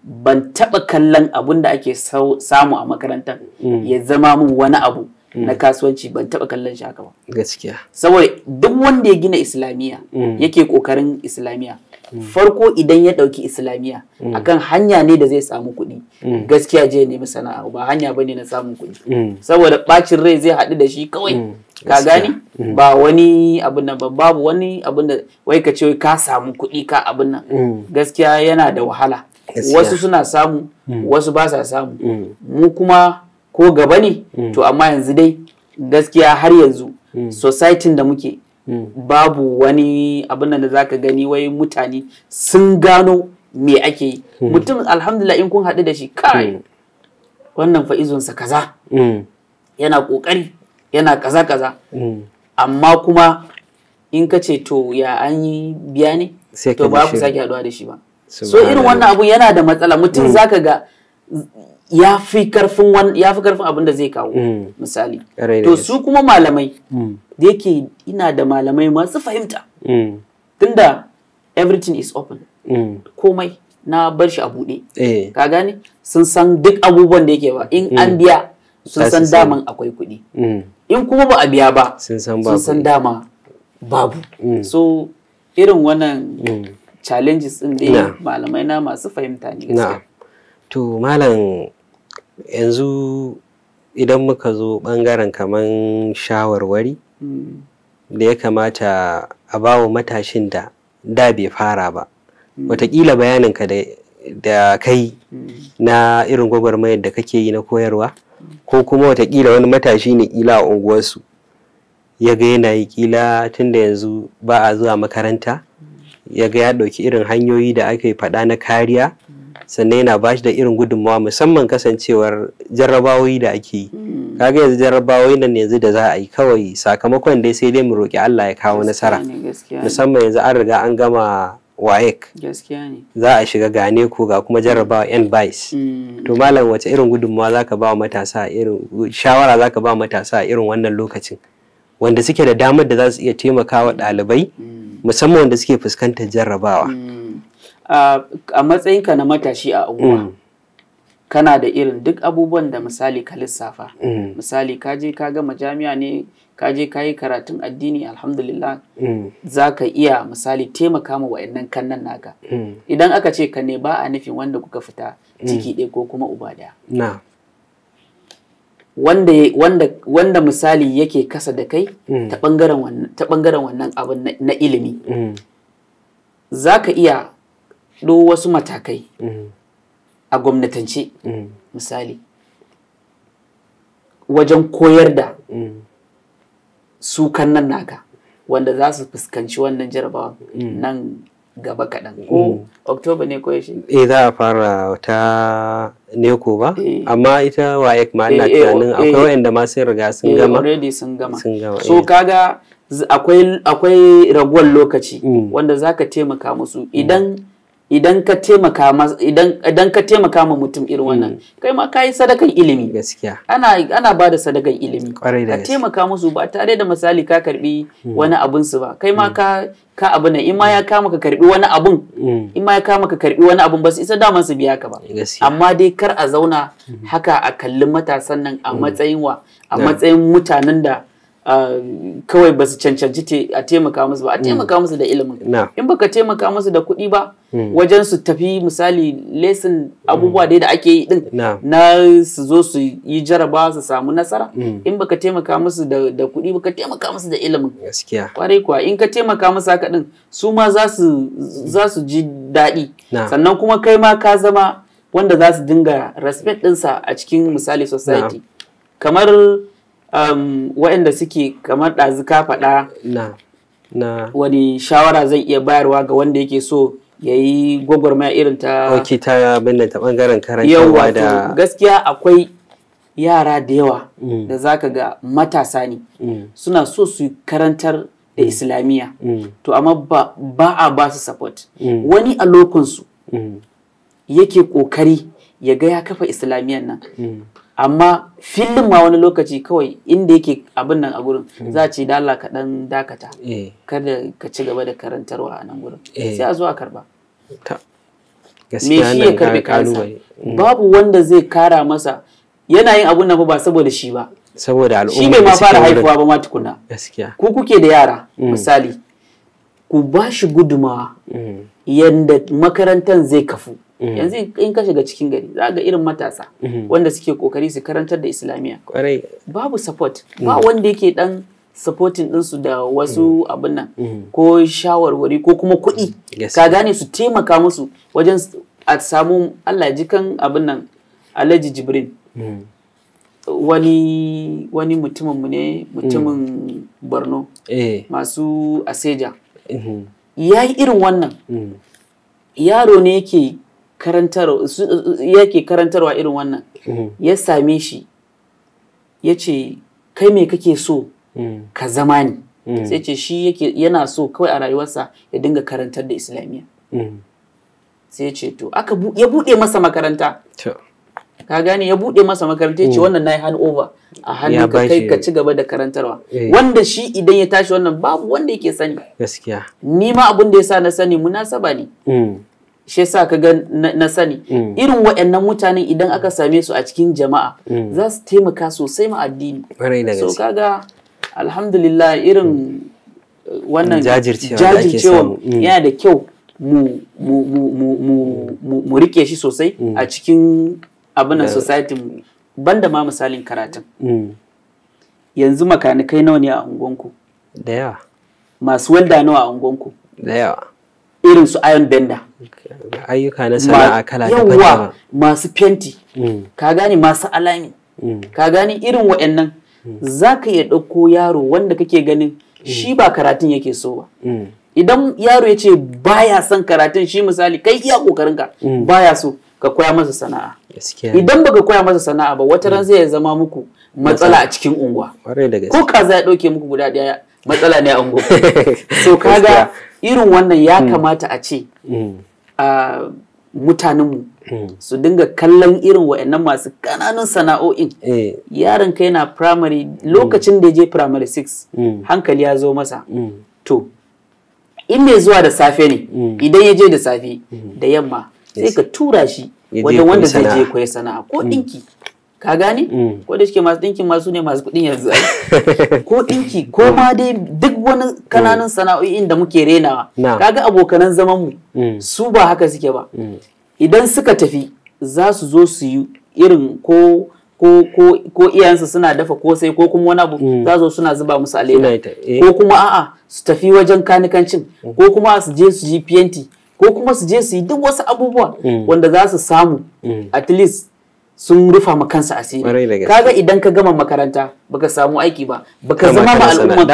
ban taɓa kallon abun da ake samu a makarantar ya zama min wani abu na kasuwanci ban taɓa kallon shi haka ba gaskiya saboda duk wanda ya gina islamiyya yake kokarin islamiyya farko idan ya ɗauki islamiyya mm. akan hanya ne da zai samu kuɗi mm. gaskiya je nemi sana'a ba hanya bane na samun kuɗi mm. saboda ɓacin rai zai haɗu da shi kawai ka gani ba wani abin nan ba babu wani abin da wai ka ce ka samu kuɗi ka abin nan gaskiya yana da wahala wasu suna samu wasu ba sa samu mu kuma ko gaba ne to amma yanzu dai gaskiya har yanzu society da muke babu wani abin da zaka gani wai mutane sun gano me ake yi hmm. mutum alhamdulillah in kun haɗu da shi kai hmm. wannan fa'izunsa kaza hmm. yana ƙoƙari yana kaza kaza amma kuma in ka ce to ya an yi biya ne to ba ku sake haɗuwa da shi ba so irin wannan abu yana da matsala mutum zaka ga ya fi karfin wan ya fi karfin abin da zai kawo mm. misali to su kuma malamai mm. da yake ina da malamai masu fahimta mm. tunda everything is open komai na bar shi a buɗe eh. ka gane sun san duk abubuwan da yake ba in an biya sun san daman akwai kuɗi in kuma ba a biya ba sun san dama babu so irin wannan challenges din da malamai na masu fahimta ne gaskiya to malam yanzu idan muka zo bangaren kaman shawarwari mm. da ya kamata a bawa matashin da da bai fara ba mm. watakila bayanin ka da kai mm. na irin gwagwarmayar da kake yi na koyarwa ko kuma watakila wani matashi ne kila a unguwarsu ya ga yana yi kila tun da yanzu ba a zuwa makaranta ya ga ya ɗauki irin hanyoyi da ake faɗa na kariya sannan yana ba shi da irin gudunmawa musamman kasancewar jarrabawoyi da ake yi hmm. kaga yanzu jarrabawoyi nan yanzu da za a yi kawai sakamakon dai sai dai mu roƙi Allah ya kawo nasara musamman yanzu an riga an gama waec za a shiga gane ko ga kuma jarrabawa yan hmm. bais hmm. to malam wace irin gudunmawa zaka ba wa matasa irin shawara zaka ba matasa irin wannan lokacin wanda suke da damar da za su iya taimakawa ɗalibai musamman wanda suke fuskantar jarrabawa a matsayinka na matashi a unguwa mm. kana da irin duk abubuwan da misali ka lissafa mm. misali ka je ka gama jami'a ne ka je ka yi karatun addini alhamdulillah mm. za ka iya misali taimaka ma wa'annan kannan naka idan aka ce ka ne ba a nufin wanda kuka fita ciki ɗaya ko kuma uba ɗaya wanda, wanda misali yake kasa da kai ta ɓangaren wannan abin na ilimi za ka iya ɗo wasu matakai mm-hmm. a gwamnatance mm-hmm. misali wajen koyar da mm-hmm. su nan naka wanda za su fuskanci wannan jarabawa nan gaba kaɗan ko oktoba ne ko shi? eh za a fara ta neko ba eh. amma ita wayek ma ana eh, eh, tunanin akwai wayanda ma sun riga sun gama already sun gama so kaga akwai akwai raguwar lokaci mm. wanda za ka taimaka musu idan idan ka taimaka ma mutum irin wannan mm. kai ma yi sadakan ilimi gaskiya ana ana ba da sadakan ilimi ka taimaka musu ba tare da misali ka karbi mm. wani abun su ba kai ma mm. ka ka abu ne in ma ya kama ka karbi wani abun in ma ya kama ka karbi wani abun ba su isa daman su biya ka ba amma dai kar a zauna haka a kallin matasan nan a matsayin wa a matsayin mutanen da Um, kawai ba su cancanci a taimaka musu ba a mm. taimaka musu da ilimin in baka taimaka musu da kuɗi ba mm. wajen su tafi misali lesson mm. abubuwa dai da ake yi din na su zo su yi jaraba su samu nasara in baka taimaka musu da kuɗi baka taimaka musu da ilimin kwarai kuwa in ka taimaka musu haka din su ma za su ji daɗi sannan kuma kai ma ka zama wanda za su dinga respect ɗinsa a cikin misali society kamar Um, waɗanda suke kamar ɗazuka faɗa na na wani shawara zai iya bayarwa ga wanda yake so ya yi gwagwarmaya irin ta ok ta ta bangaren karantarwa da gaskiya akwai yara da yawa mm. da za ka ga matasa ne mm. suna so su karantar da mm. islamiyya to amma ba, ba a ba su support wani a lokunsu yake kokari ya ga ya kafa islamiyyan nan amma filin ma wani lokaci kawai inda yake abin nan a gurin za a ce da Allah ka dan dakata eh. kada ka ci gaba da karantarwa a nan gurin eh. sai a zo a karba me shi ya karbe kansa mm. babu wanda zai kara masa yana yin abun nan ba saboda shi ba saboda al'umma shi bai ma fara haifuwa ba ma tukuna gaskiya ku kuke da yara mm. misali ku ba shi gudumawa mm. yanda makarantar zai kafu Mm-hmm. yanzu in ka shiga cikin gari za ga irin matasa mm-hmm. wanda suke kokari su karantar da islamiyya babu support ba mm-hmm. wanda yake dan supporting ɗinsu da wasu abin nan ko shawarwari ko kuma kuɗi ka gane su taimaka musu wajen a samu Allah jikan abin nan Alhaji Jibrin wani mutumin mu ne mutumin Borno eh. masu aseja ya yi irin wannan yaro ne yake yake karantarwa irin wannan mm-hmm. ya same shi ya ce kai me kake so mm-hmm. ka zama ni mm-hmm. sai ce shi yana so kawai a rayuwarsa ya dinga karantar da islamiyya sai ce to aka ya buɗe masa makaranta ka gane ya buɗe masa makaranta ya ce wannan yi hand over a hannun ka kai ka ci gaba da karantarwa eh. wanda shi idan ya tashi wannan babu wanda yake sani gaskiya ni ma abin da ya sa na sani munasaba ne shi yasa ka ga na sani mm. irin waɗannan mutanen idan aka same su a cikin jama'a mm. za su taimaka sosai ma addini so kaga alhamdulillah irin eh, wannan mm. jajircewa yana da kyau mu rike shi sosai a cikin abinan society banda ma misalin karatun yanzu makanikai nawa ne a unguwanku da yawa masu walda nawa a unguwanku da yawa irin su iron bender ayyuka na sana'a kala yawa masu fenti mm. ka gane masu alami mm. ka gane irin waɗannan mm. za ka iya ɗauko yaro wanda kake ganin shi ba karatun yake so ba idan yaro ya ce baya son karatun shi misali kai iya ba baya so ka koya masa sana'a idan baka koya masa sana'a ba wata ran zai zama muku matsala a cikin unguwa ko kaza ya ɗauke muku guda ɗaya matsala ne an gobe so kaga irin wannan ya hmm. kamata a ce hmm. a mutanenmu hmm. su dinga kallon irin wa'annan masu kananan sana'o'in eh. yaron ka yana primary lokacin da je primary 6 hankali ya zo masa to in mai zuwa da safe ne idan ya je da safe da yamma sai ka tura shi wanda zai je koya sana'a ko ɗinki ka gane mm. ko da shike masu dinkin masu ne masu kuɗin yanzu ko dinki ko mm. ma dai duk wani kananan mm. sana'o'in da muke renawa kaga abokanan zaman mu su ba haka suke ba idan suka tafi za su zo su yi irin ko ko ko ko iyayensu suna dafa ko sai ko kuma wani abu za zo suna zuba musu a eh. ko kuma a'a su tafi wajen kanikancin ko kuma su je su ji pnt ko kuma su je su yi duk wasu abubuwa wanda za su samu at least sun rufa ma kansa asiri kaga idan ka gama makaranta baka samu aiki ba baka zama ma al'ummar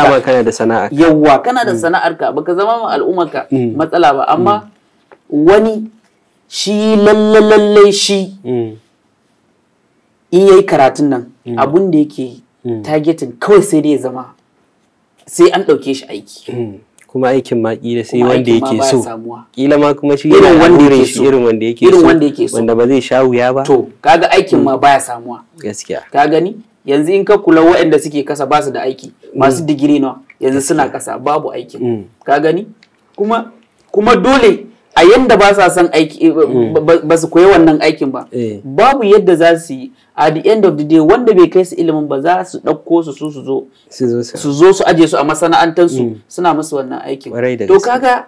da sana'a yawa kana da sana'ar ka mm. baka zama ma al'ummarka mm. matsala ba amma mm. wani shi lalle lalle shi in yayi karatun nan abun da yake targeting kawai sai dai ya zama sai an ɗauke shi aiki kuma aikin ma kila sai wanda yake so kila ma kuma shi irin wanda yake so irin wanda yake so wanda so wanda ba zai sha wuya ba to kaga aikin ma mm. baya samuwa gaskiya ka gani yanzu in ka kula waɗanda suke kasa ba su da aiki masu mm. digiri na yanzu suna kasa babu aikin mm. ka gani kuma kuma dole a yadda ba sa son aiki eh, mm. ba su koyi wannan aikin ba eh. babu yadda za su yi a the end of the day wanda bai kai su ilimin ba za su ɗauko su su zo su zo su aje su a masana'antarsu mm. suna musu wannan aikin to kaga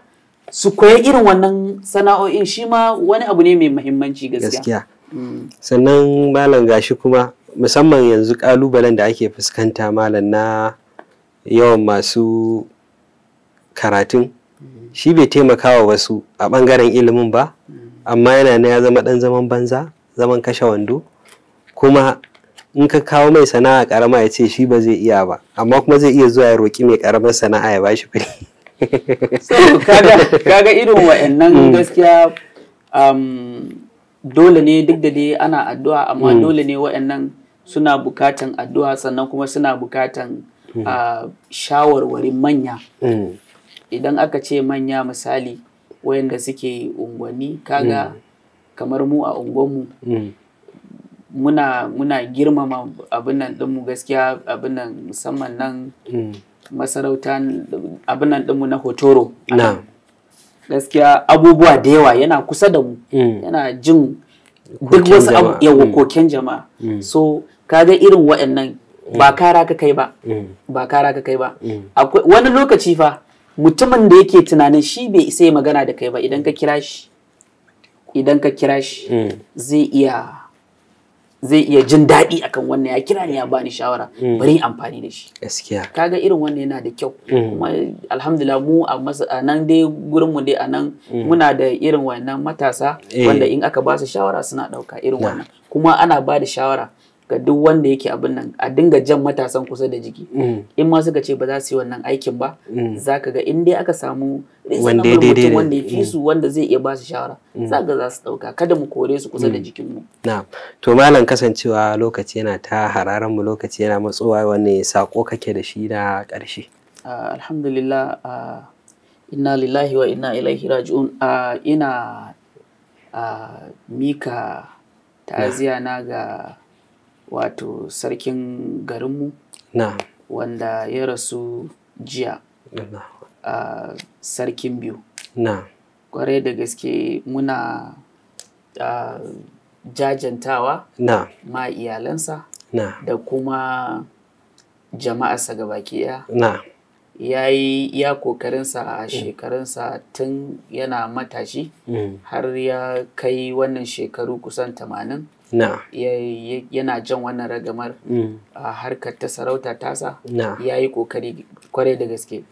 su koyi irin wannan sana'o'in shi ma wani abu ne mai muhimmanci gaskiya mm. sannan malam gashi kuma musamman yanzu kalubalen da ake fuskanta malam na yawan masu karatun shi bai taimakawa wasu a ɓangaren ilimin ba mm. amma yana na ya zama ɗan zaman banza zaman kashe wando kuma in ka kawo mai sana'a karama ya ce shi ba zai iya ba amma kuma zai iya zuwa ya roƙi mai karamar sana'a ya bashi kuɗi kaga irin wa'annan mm. gaskiya um, dole ne duk da dai ana addu'a amma mm. dole ne wa'annan suna bukatan addu'a sannan kuma suna bukatan uh, shawarwarin manya idan aka ce manya misali wayanda suke unguwanni kaga mm. kamar mu a unguwanmu mm. muna muna girmama abin nan dinmu gaskiya abin nan musamman nan mm. masarauta abin nan dinmu na hotoro gaskiya abubuwa da yawa yana kusa da mu yana jin duk wasu yawa koken jama'a so kaga irin waɗannan ba kara ka kai ba ba kara ka kai ba wani lokaci fa mutumin da yake tunanin shi bai isa yi magana da kai ba idan ka kira shi idan ka kira shi hmm. zai iya zai iya jin daɗi akan wannan ya kira ne ya bani shawara hmm. bari amfani da shi gaskiya kaga irin wannan yana da kyau hmm. kuma alhamdulillah mu a nan dai gurin mu dai a muna da irin wannan matasa eh. wanda in aka ba su shawara suna ɗauka irin wannan kuma ana ba da shawara ga duk wanda yake abin nan a dinga jan matasan kusa da jiki mm. in ma suka ce ba za su yi wannan aikin ba mm. za ka ga in dai aka samu wanda ya fi mm. su wanda zai iya ba su shawara za ga za su dauka kada mu kore su kusa da jikin mu na to malam kasancewa lokaci yana ta hararan mu lokaci yana matsowa wanne sako kake da shi na karshe ah, alhamdulillah ah, inna lillahi wa inna ilaihi raji'un ah, ina mika ta'aziya na ga wato sarkin garinmu wanda ya rasu jiya a sarkin biyu kwarai da gaske muna jajantawa ma iyalansa da kuma jama'arsa ga baki ya yi iya kokarinsa a shekarunsa tun yana matashi mm. har ya kai wannan shekaru kusan tamanin yana jan wannan ragamar mm. a harkar ta sarauta tasa ya yi kokari kwarai da gaske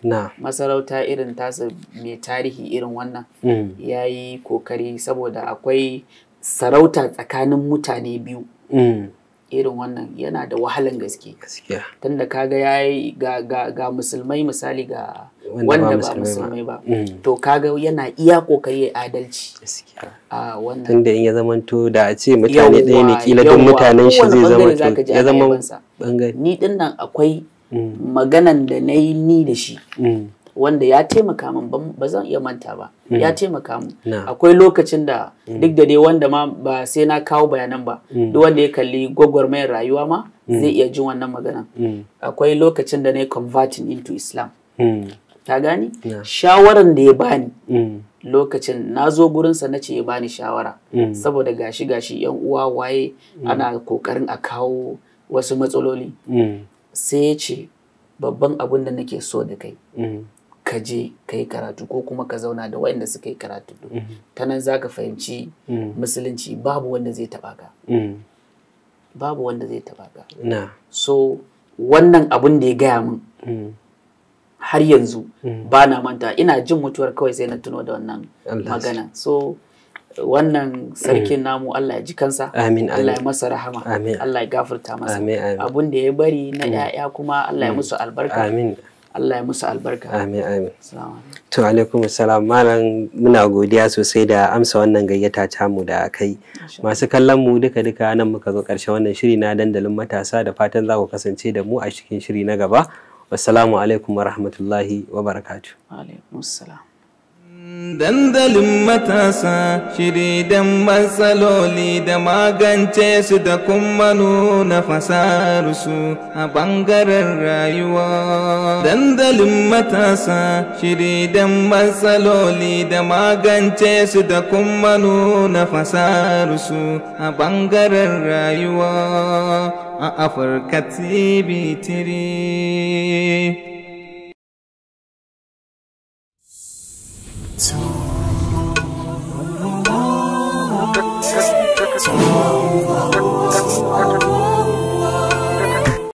masarauta irin tasa mai tarihi irin wannan mm. ya yi kokari saboda akwai sarauta tsakanin mutane biyu mm. irin wannan yana da wahalan gaske tunda kaga ya yi ga musulmai misali ga wanda ba musulmi ba mm. to kaga yana iya kokari adalci a wannan tunda in ya zamanto da a ce mutane ɗaya ne kila duk mutanen shi zai zama ya zama bangare ni din nan akwai mm. maganan da na yi ni da shi mm. wanda ya taimaka min ba zan iya manta ba ya taimaka min akwai lokacin da duk da dai wanda ma ba sai na kawo bayanan ba duk wanda ya kalli gwagwarmayar rayuwa ma zai iya jin wannan maganan akwai lokacin da na yi converting into islam ta gani shawaran da ya bani mm. lokacin na zo gurinsa na ce ya bani shawara mm. saboda gashi gashi yan uwa waye mm. ana kokarin a kawo wasu matsaloli sai ya ce babban abin da nake so da kai ka je ka yi karatu ko kuma ka zauna da waɗanda suka yi karatu ta nan za ka fahimci musulunci babu wanda zai taɓa ka babu wanda zai taba ka so wannan abin da ya gaya mun. har yanzu mm. ba na manta ina jin mutuwar kawai sai na tuno da wannan magana so wannan sarkin mm. namu Allah ya ji kansa Allah ya masa rahama Allah ya gafarta masa abun da ya bari na mm. ya'ya kuma Allah ya musu albarka Allah ya musu albarka amin amin to alaikum assalam malam muna godiya sosai da amsa wannan gayyata ta mu da kai masu kallon mu duka duka nan muka zo karshen wannan shiri na dandalin matasa da fatan za ku kasance da mu a cikin shiri na gaba wasalamu alaikum wa rahmatullahi wa barakatu. Dandalin matasa shiri dan matsaloli da magance su da kuma nuna fasararsu a bangaren rayuwa. Dandalin matasa shiri dan matsaloli da magance su da kuma nuna fasararsu a bangaren rayuwa a Afirka TV 3